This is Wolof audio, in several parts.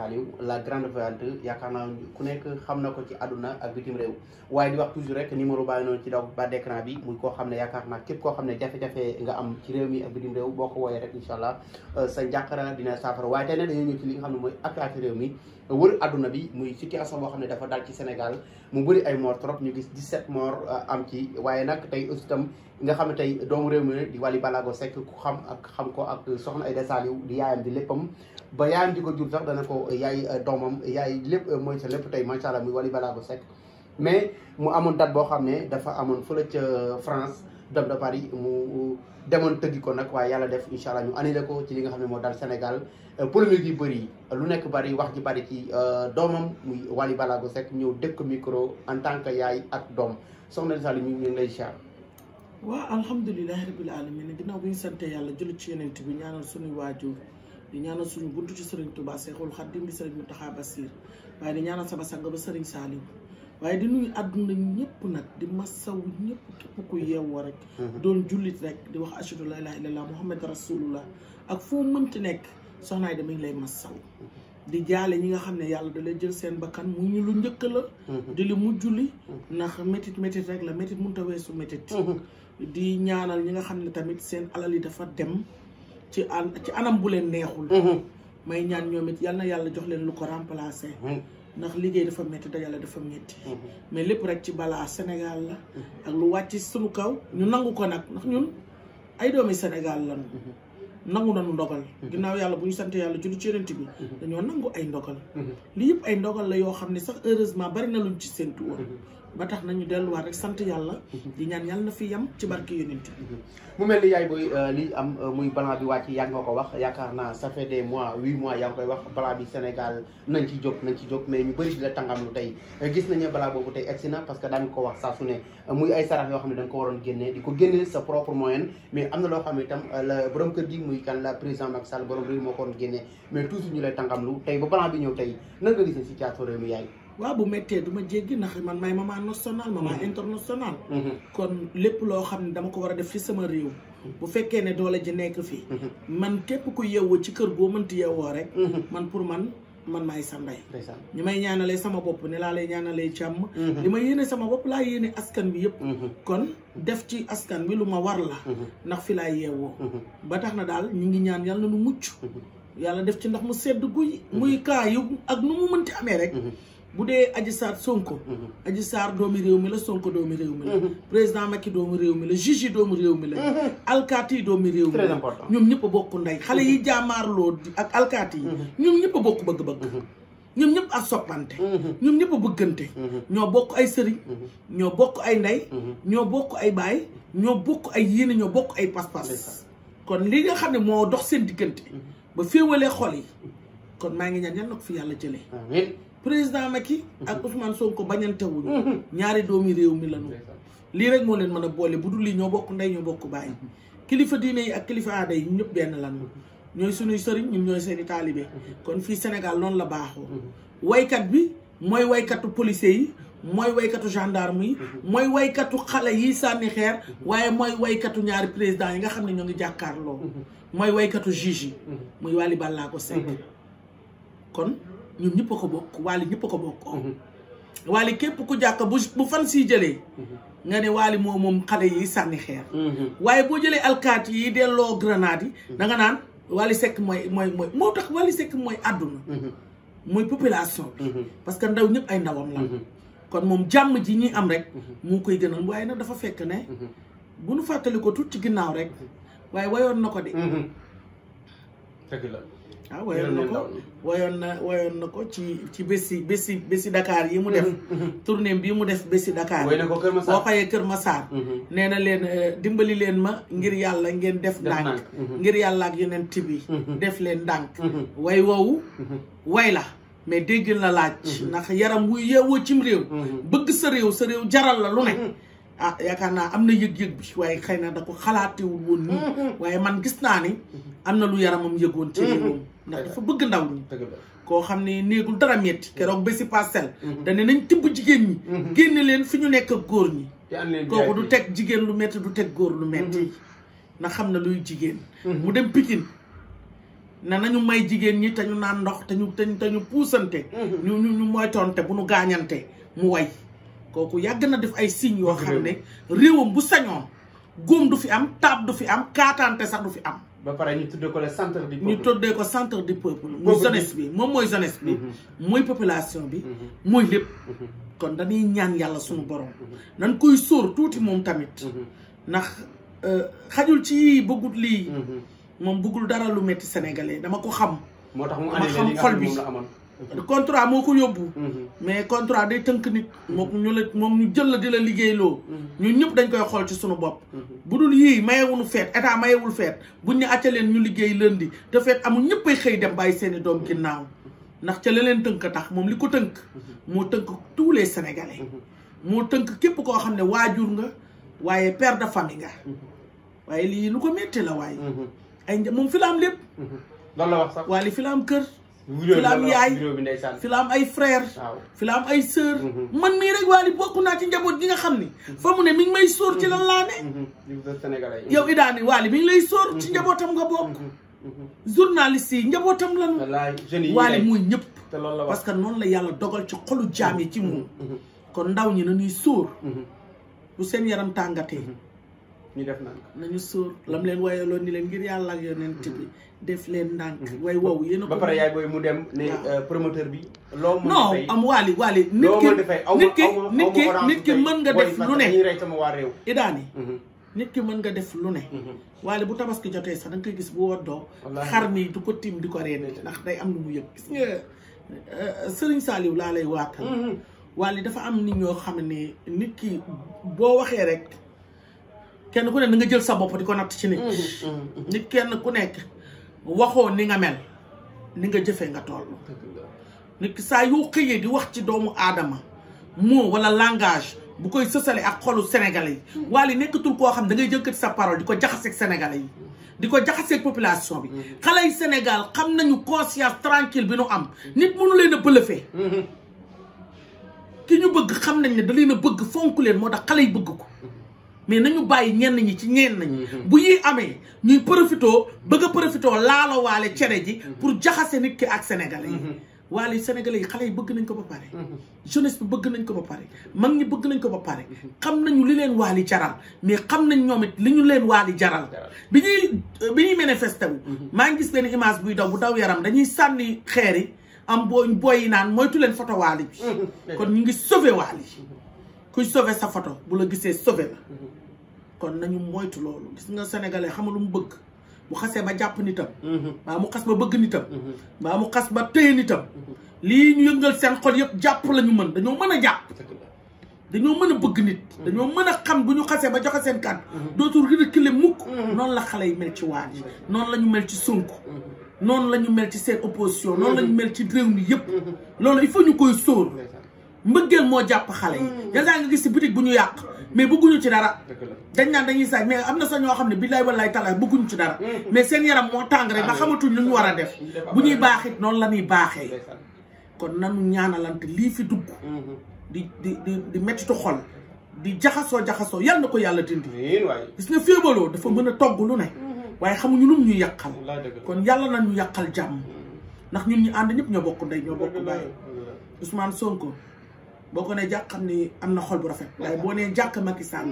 Saliou la grande voyante yaakaar naa ku nekk xam na ko ci àdduna a bitim réew waaye di wax toujours rek numéro bàyyi noonu ci bi muy koo xam ne yaakaar naa képp koo xam ne jafe-jafe nga am ci réew mi ak bitim réew boo ko wooyee rek incha allah euh, sa njàqara dina saafara waaye tey nag dañoo ñëw ci li nga xam ne mooy actualité réew mi wër àdduna bi muy situation boo xam ne dafa dal ci Sénégal mu bëri ay mort trop ñu gis di set mort euh, am ci waaye nag tey aussi itam nga xam tey doomu réew mi di Wally Ballago sekk ku xam ak xam ko ak soxna Aïda Saliou di yaayam di léppam ba yaayam di ko jur sax dana ko yaay euh, doomam yaay lépp euh, mooy sa lépp tey macha allah muy Wally Ballago Seck mais mu amoon date boo xam ne dafa amoon fële ca France dam de Paris mu demoon tëggi ko nag waaye yàlla def incha allah ñu annulé ko ci li nga xam ne moo daal Sénégal euh, polémique yi bëri lu nekk bari wax ji bëri ci euh, doomam muy Wally Ballago Seck ñëw dëkk micro en tant que yaay ak doom soxna Lissa ñu ngi lay ziar. waaw alhamdulilah rabil alamin ginnaaw bi ñu sant yàlla julli ci yonent bi ñaanal suñuy waajur di ñaanal suñu buntu ci Serigne Touba Seexul Xadiim di Serigne Mountakha Bassir waaye di ñaanal sama sang ba Serigne Saliou. waaye di nu nuyu àdduna ñëpp nag di masawu ñëpp képp ku yeewoo rek. Mm-hmm. doon jullit rek di wax ashhadu laa ilaaha illallaah muhammad rasulullah ak foo mënti nekk soxnaa soxnaay dama ngi lay massaw mm-hmm. di jaale ñi nga xam ne yàlla da jël seen bakkan mu ñu njëkk la. Mm-hmm. di lu mujj ndax métit métit rek la métit mënut a weesu métit. di ñaanal ñi nga xam ne tamit seen alal dafa dem ci an ci anam bu leen neexul. may ñaan ñoom it yal na yàlla jox leen lu ko remplacer. ndax liggéey dafa métti dajale dafa métti mhm. mais lépp rek ci balaa Sénégal la mhm. ak lu wàcc suñu kaw ñu nangu ko nag ndax ñun ay doomi Sénégal lañu mhm. nangu nañu ndogal ginnaaw yàlla bu ñu sant yàlla julli ci yonent bi dañoo nangu ay ndogal li yëpp ay ndogal la yoo xam ne sax heureusement bari na ñu ci séntu woon ba tax nañu delluwaat rek sant yàlla di ñaan yàlla na fi yam ci barke yonent mu mel ni yaay booy euh, li am euh, muy balaa bi wàcc yaa nga ko wax yaakaar naa ça fait mois huit mois yaa ngi koy wax balaa bi Sénégal nañ ci jóg nañ ci jóg mais ñu bëri di la tàngam lu euh, gis nañu balaa boobu tey egsi na parce que daan ko wax saa su ne muy ay sarax yoo xam ne da nga ko waroon génnee di ko génnee sa propre moyen mais am na loo xam ne itam la borom kër gi muy kan la tey ba balaa waaw bu méttee du ma jéggi ndax man may maman national maman mm-hmm. international mm-hmm. kon lépp loo xam ne dama ko war a def ci sama réew mm-hmm. bu fekkee ne doole ji nekk fii man képp ku yeewoo ci kër goo mënti yeewoo rek man pour man man maay sa ndey ñi may ñaanalee sama bopp ne laa lay ñaanalee càmm li ma yéene sama bopp laa yéene askan bi yëpp kon def ci askan bi lu ma war la ndax fi laay yeewoo ba tax na daal ñu ngi ñaan yàlla nu mucc yàlla def ci ndax mu sedd guy muy kaa yu ak nu mu mënti amee rek bu dee Adji Sarr Sonko. Mhm. Adji Sarr doomu réew mi la Sonko doomu réew mi la. Mhm. président Macky doomu réew mi la juge yi doomu réew mi la. Mhm. alkaati yi doomu réew mi la. ñoom ñëpp a bokk ndey xale yi jaamaarloo ak alkaati yi. ñoom ñëpp a bokk bëgg-bëgg. ñoom ñëpp a soppante. ñoom ñëpp a bëggante. ñoo bokk ay sëriñ. ñoo bokk ay ndey. ñoo bokk ay baay. ñoo bokk ay yéene ñoo bokk ay pas-pas. kon li nga xam ne moo dox seen diggante. ba féewalee xol yi. kon maa ngi ñaan yal na ko yàlla jëlee. président nag yi ak mhm. Ousmane Sonko bañantewuñu mhm. ñaari doomi réew mi lañu lii rek moo leen mën a boole bu dul lii ñoo bokk ndey ñoo bokk bàyyi mhm. kilifa diine yi ak kilifa aada yi ñëpp benn lañu ñooy suñuy sëriñ ñun ñooy seeni taalibe kon fii Sénégal noonu la baaxoo waykat bi mooy woykatu policier yi mooy waykatu gendarme yi mooy woykatu xale yi sànni xeer waaye mooy woykatu ñaari président yi nga xam ne ñoo ngi jàkkaarloo mooy waykatu juge yi muy Wally Ballago Seck ñoom ñëpp a ko bokk waali ñëpp a ko bokk mhm. waali képp ku jàkk bu bu fan si jëlee mhm. nga ne waali moo moom xale yi sànni xeer mhm. waaye boo jëlee alkaati yi delloo grenade yi da nga naan waali sekk mooy mooy mooy moo tax waali sekk mooy àdduna mooy population bi parce que ndaw ñëpp ay ndawam la kon moom jàmm ji ñuy am rek mu koy gënal waaye nag dafa fekk ne bu nu fàttali ko tuuti ci ginnaaw rek waaye wayoon na ko de dëgg la ah wayoon na ko wayoon na wayoon na ko ci ci bési bési si dakaar yi mu def mhm. tournée bi mu def bési Dakar boo xëyee Kër Massar mhm. nee na leen euh, dimbali leen ma ngir yàlla ngeen def ndànk mhm. ngir yàlla ak yeneen tibi def leen dànk way woowu way la mais dégg la laaj ndax yaram wuy yeewoo cim réew bëgg sa réew sa réew jaral la lu ne ah yaakaar naa am na yëg-yëg bi waaye xëy na da ko xalaatewul woon nii waaye man gis naa ni am na lu yaramam yëgoon ci réewam ndax dafa bëgg ndaw ñi koo xam ne néegul dara metti keroog ba si parcelle dane nañ tibb jigéen ñi génne leen fi ñu nekk góor ñi kooku du teg jigéen lu metti du teg góor lu metti na xam na luy jigéen mu dem Pikine na nañu may jigéen ñi te ñu naan ndox te ñu te ñu puusante ñu ñu ñu moytoonte bu ñu gaañante mu way kooku yàgg na def ay signes yoo xam ne réewam bu sañoon góom du fi am taab du fi am kaataante sax du fi am ba pare ñu tuddee ko le centre du peuple ñu tuddee ko centre du peuple muy jeunesse bi moom mooy jeunesse bi mooy mm-hmm. population bi mooy mm-hmm. lépp mm-hmm. kon dañuy ñaan yàlla suñu borom nan koy sóor tuuti moom tamit ndax euh, xajul ci bëggut lii moom bëggul dara lu metti sénégalais dama ko xam moo tax mu xam xol bi contrat moo ko yóbbu. Mhm. mais contrat day tënk nit. moom ñu la moom ñu jël la di la liggéeyloo. Mhm. ñun ñëpp dañ koy xool ci suñu bopp. Mhm. bu dul yii mayewuñu feet état mayewul feet buñ ñu àcce leen ñu liggéey lundi te feet amul ñëppay xëy dem bàyyi seen i doom ginnaaw ndax ca la leen tënk tax moom li ko tënk. moo tënk tous les sénégalais. moo tënk képp koo xam ne waajur nga waaye per de famille nga. waaye lii lu ko métti la waaye. ay moom fi lépp. waaye li fi la am yaay fi la am ay frère fi la am ay sœur mhm. man mii rek waali bokk naa ci njaboot gi nga xam ni mhm. fa mu ne mi ngi may sóor ci lan laa ne mhm. yow idaani waali mi ngi lay sóor ci njabootam nga bokk journaliste yi njabootam lanu waali mooy ñëpp parce que noonu la yàlla dogal ci xolu jaam yi ci mu kon ndaw ñi na ñuy sóor bu seen yaram tàngatee ñu def ndànk nañu sóor lam leen wayaloon ni leen ngir yàlla ak yonent bi mm-hmm. def leen ndànk mm-hmm. way wow yéen a ko ba pare yaay booy mu dem ne euh, promoteur bi loo mën non am waali waali nit ki nit ki nit ki mm-hmm. nit ki mën nga def lu ne idaan yi nit ki mën nga def lu ne waale bu tabaski da nga koy gis ko ko reene ndax day am lu mu yëg gis nga euh, sëriñ Saaliw laa lay waatal dafa am nit ñoo xam ne nit ki boo waxee rek kenn ku ne na nga jël sa bopp di ko natt ci nit mm, mm, mm. nit kenn ku nekk waxoo ni nga mel ni nga jëfee nga tool nit ki saa yoo xëyee di wax ci doomu aadama mot wala langage bu koy sësale ak xolu sénégalais yi waali nekkatul koo xam da ngay jël sa parole di ko jaxaseeg sénégalais yi di ko jaxasee population bi xale yi sénégal xam nañu conscience tranquille bi nu am nit mënu leen a bëlëfee mm-hmm. ki ñu bëgg xam nañ ne da leen a bëgg fonk leen moo tax xale yi bëgg ko mm-hmm. mais nañu bàyyi ñenn ñi ci ñenn ñi mhm. bu amee ñuy profitoo bëgg a profitoo laala waale cere ji mhm. pour jaxase nit ki ak sénégalais yi mhm. waale sénégalais yi yi bëgg nañ ko ba pare jeunesse bëgg nañ ko ba pare mag ñi bëgg nañ ko ba pare xam nañu li leen waali jaral mais xam nañ ñoom it li ñu leen waali jaral bi ñuy bi ñuy manifesté maa ngi gis benn image buy daw bu daw yaram dañuy sànni xeer yi am boo yi naan moytu leen photo waali bi kon ñu ngi sauvé waali kuy sauvé sa photo bu la gisee sauvé la kon nañu moytu loolu gis nga sénégalais xamul lu mu bëgg bu xasee ba jàpp nitam. Mhm. mbaa mu xas ba bëgg nitam. Mhm. mbaa mu xas ba téye nitam. Mhm. lii ñu yëngal seen xol yëpp jàpp la ñu mën dañoo mën a jàpp. dañoo mën a bëgg nit. dañoo mën a xam bu ñu xasee ba joxe seen kàddu. dootul reculer mukk. noon la xale yi mel ci waa ji noonu la ñu mel ci Sonko. noonu la ñu mel ci seen opposition. noonu la ñu mel ci réew mi yëpp. loolu il faut ñu koy sóor. mbëggeel moo jàpp xale yi. yenn saa gis si boutique bu ñu yàq. mais bëgguñu ci dara dañ naan dañuy saaj mais am na sa ñoo xam ne billaay wallaay talaay bëgguñu ci dara mm. mais seen yaram moo tàng rek ba xamatuñ lu ñu war a def bu ñuy baaxit noonu la ñuy baaxee kon nanu ñaanalante lii fi dugg mm-hmm. di di di di méttitu di jaxasoo jaxasoo yal na ko yàlla dindi gis nga féebaloo dafa mën a togg lu ne mm-hmm. waaye xamuñu lum ñu yàqal kon yàlla nañu yàqal jàmm mm-hmm. ndax ñun ñu ànd ñëpp ñoo bokk ndey ñoo bokk baay Ousmane Sonko boo ko nee jàkk xam ni am na xol bu rafet waaye boo nee jàkk Macky Sall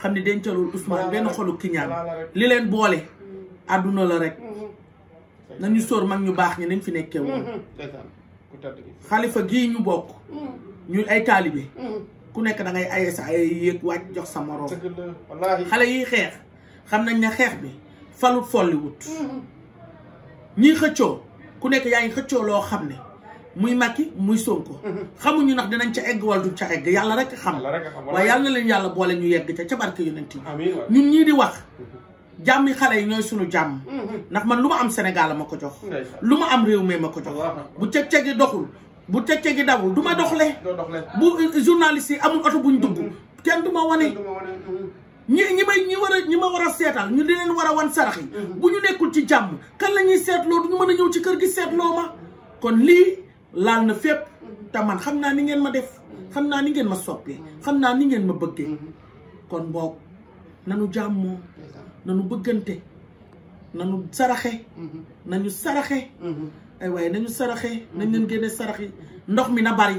xam ni dencalul Ousmane benn xolu kiñaan li leen boole mm-hmm. àdduna la rek mm-hmm. nañu sóor mag ñu baax ñi nañ fi nekkee woon mm-hmm. xalifa gi ñu bokk ñu ay taalibe ku nekk da ngay aye sa ay yéeg wàcc jox sa moroom xale yi xeex xam nañ ne xeex bi falut folliwut ñii xëccoo ku nekk yaa ngi xëccoo loo xam ne muy Macky muy Sonko. xamuñu ndax dinañ ca egg wala du ca egg yàlla rek xam. waaye yàlla na leen yàlla boole ñu yegg ca ca barke yonent yi. ñun ñii di wax. Mm-hmm. jàmmi xale yi ñooy sunu jàmm. Mm-hmm. ndax man lu ma am Sénégal ma ko jox. lu ma am réew mi ma ko jox. bu cëg-cëg yi doxul bu cëg-cëg yi dawul du ma mm-hmm. doxle bu eh, journaliste yi amul oto dugg. kenn du ma wane. ñi ñi may ñi war a ñi ma war a seetal ñu di war a wan sarax yi. bu ñu nekkul ci jàmm kan la ñuy seetloo du ñu mën a ñëw ci kër gi seetloo ma kon lii laal na fépp mhm. te man xam naa ni ngeen ma def mhm. xam naa ni ngeen ma soppee mhm. xam naa ni ngeen ma bëggee kon boog nanu jàmmoo nanu bëggante na nanu saraxe nañu saraxe ay waaye nañu saraxe nañ leen génne sarax ndox mi na bari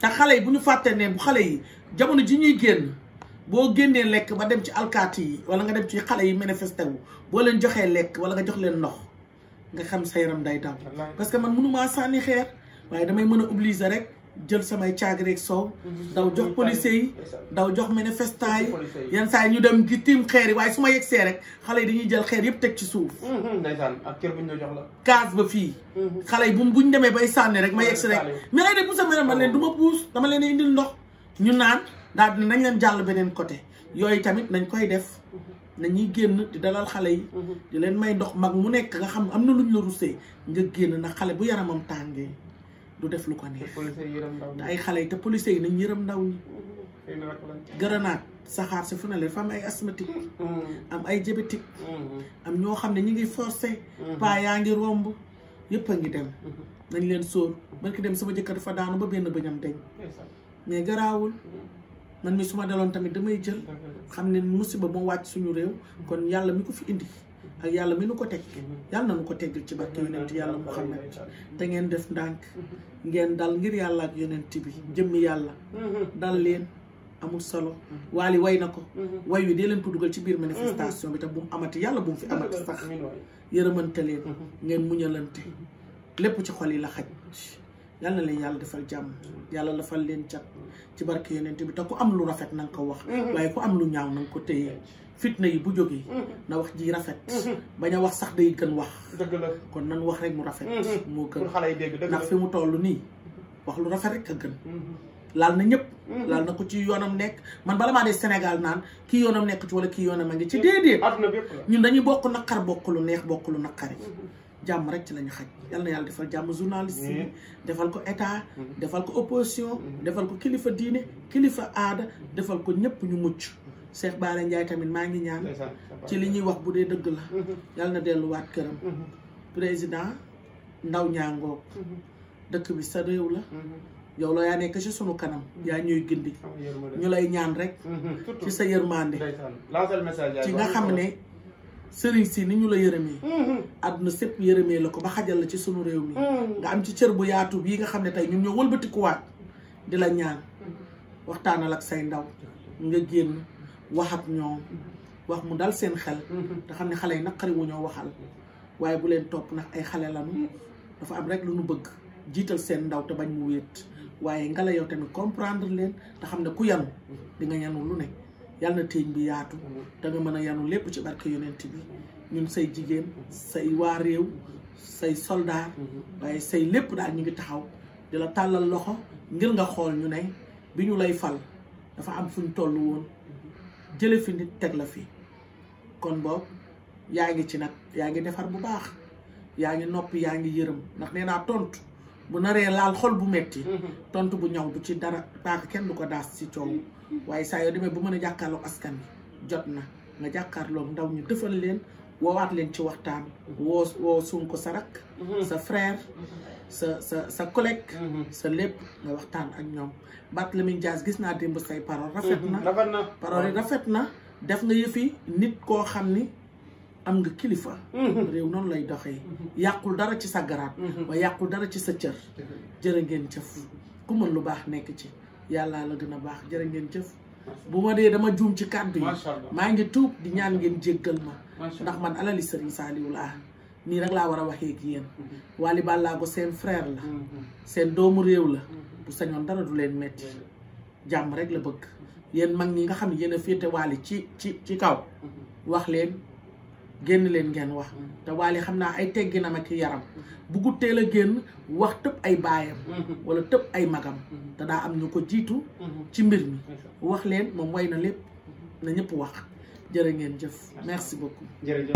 te xale yi bu ñu fàtte ne bu xale yi jamono ji ñuy génn boo génnee lekk ba dem ci alkaati yi wala nga dem ci xale yi manifesté wu boo leen joxee lekk wala nga jox leen ndox nga xam sa yaram day daw parce que man mënumaa sànni xeer waaye damay mën a obliser rek jël samay caag rek soow mhm. daw jox policiers yi daw jox manifestants yi yenn saa yi ñu dem gi xeer yi waaye su ma yegsee rek xale yi dañuy jël xeer yëpp teg ci suuf mhm, ndeysaan ak kër bu jox la gaz ba fii mhm. xale yi bu buñ demee bay sànni rek ma yegsi rek mais lay de puusa ma leen du ma puus dama leen indil ndox ñu naan daal dina nañ leen jàll beneen côté yooyu tamit nañ koy def nañuy génn di dalal xale yi di leen may ndox mag mu nekk nga xam am na luñ la rusee nga génn na xale bu yaramam tàngee du def lu ko neex te ay xale yi te policiers yi nañ yërëm ndaw ñi gërënaat saxaar si fu ne leen fa am ay asthmatique mm-hmm. am ay diabétique mm-hmm. am ñoo xam ne ñu ngi forcé mm-hmm. paa yaa ngi romb yëpp a ngi dem nañ leen sóor barki dem sama jëkkër dafa daanu ba benn bëñam deñ mais garaawul man mi su ma daloon tamit damay jël xam ne musiba moo wàcc suñu réew kon yàlla mi ko fi indi ak yàlla mi nu ko teg mhm. yàlla na nu ko teggil ci barke yonent yàlla Muhammad te ngeen def ndànk mhm. ngeen dal ngir yàlla ak yonent bi mhm. jëmm yàlla dal leen amul solo waali way na ko way wi dee leen ko dugal ci biir manifestation bi te bu mu amati yàlla bu mu fi amati sax yërëmante leen ngeen muñalante lépp ci xol yi la xaj yàlla na leen yàlla defal jàmm yàlla lafal leen cat ci barke yonent bi te ku am lu rafet na ko wax waaye ku am lu ñaaw na nga ko téye fitna yi bu jógee. Mm-hmm. na wax jii rafet. Mm-hmm. bañ a wax sax day gën wax. dëgg la kon nan wax rek mu rafet. Mm-hmm. moo gën xale yi dégg dëgg ndax fi mu toll nii wax lu rafet rek a gën. laal na ñëpp. laal na ko ci yoonam nekk man bala maa ne Sénégal naan kii yoonam nekk ci wala kii yoonam a ngi ci déedéet. ñun dañuy bokk naqar bokk lu neex bokkulu lu naqari. jàmm rek ci lañu ñu xaj yal na yàlla defal jàmm journaliste yi defal ko état defal ko opposition defal ko kilifa diine kilifa aada defal ko ñëpp ñu mucc. Cheikh Bara Ndiaye tamit maa ngi ñaan ci li ñuy wax bu dee dëgg la mm-hmm. yàlla na delluwaat këram mm-hmm. président ndaw ñaangoog mm-hmm. dëkk bi sa réew la yow la yaa nekk ci sunu kanam yaa ñuy gindi ñu lay ñaan rek ci sa yërmande ci nga xam ne sëriñ si ni ñu la yërëmee àdduna sépp yërëmee la ko ba xajal la ci sunu réew mi nga am ci cër bu yaatu bii nga xam ne tey ñun ñoo wëlbatikuwaat di la ñaan waxtaanal ak say ndaw nga génn wax ak ñoom wax mu dal seen xel te xam ne xale yi naqari wu ñoo waxal waaye bu leen topp ndax ay xale lanu dafa am rek lu nu bëgg jiital seen ndaw te bañ mu wéet waaye nga la yow tamit comprendre leen te xam ne ku yanu di nga yanu lu ne yàlla na téeñ bi yaatu da nga mën a yanu lépp ci barke yonent bi ñun say jigéen say waa réew say soldaar waaye say lépp daal ñu ngi taxaw di tàllal loxo ngir nga xool ñu ne bi ñu lay fal dafa am fuñ toll woon jële fi nit teg la fi kon boobu yaa ngi ci nag yaa ngi defar bu baax yaa ngi nopp yaa ngi yërëm ndax nee tontu bu naree laal xol bu metti mm-hmm. tontu bu ñaw bu ci dara paaka kenn du ko daas ci coow mm-hmm. waaye saa yoo demee bu mën a jàkkaarloo askan bi jot na nga jàkkaarloo ndaw ñu defal leen woowaat leen ci waxtaan mm-hmm. woo woo sun ko sa rak sa frère sa sa sa collègue mm-hmm. sa lépp nga waxtaan ak ñoom Barthélémy Dias gis naa démb say parole mm-hmm. rafet na parole yi rafet na def nga yëfi nit koo xam ni am nga kilifa mm-hmm. réew noonu lay doxee yàqul dara ci sa garaat waaye yàqul dara ci sa cër jërë ngeen jëf ku mën lu baax nekk ci yàllaa la gën a baax jërë ngeen jëf bu ma dee dama juum ci kàddu yi maa ngi tuub di ñaan ngeen jéggal ma ndax man alali sëriñ Saaliw laa nii rek laa war a waxee ak yéen mm-hmm. laa ko seen frère la mm-hmm. seen doomu réew la mm-hmm. bu sañoon dara du leen metti jàmm rek la bëgg yéen mag ñi nga xam ne yéen a féete Wally ci ci ci kaw wax leen génn leen ngeen wax te Wally xam naa ay tegginam ak yaram buggu teel a génn wax tëb ay baayam wala tëb ay magam te daa am ñu ko jiitu ci mbir mi wax leen moom way na lépp na ñëpp wax jërë ngeen jëf merci beaucoup jërëjëf